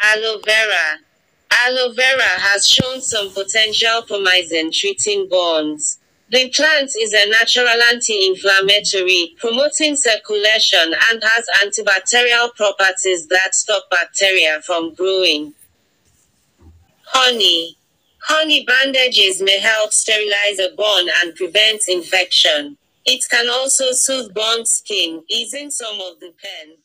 Aloe vera. Aloe vera has shown some potential promise in treating burns. The plant is a natural anti-inflammatory, promoting circulation and has antibacterial properties that stop bacteria from growing. Honey. Honey bandages may help sterilize a burn and prevent infection. It can also soothe burnt skin, easing some of the pain.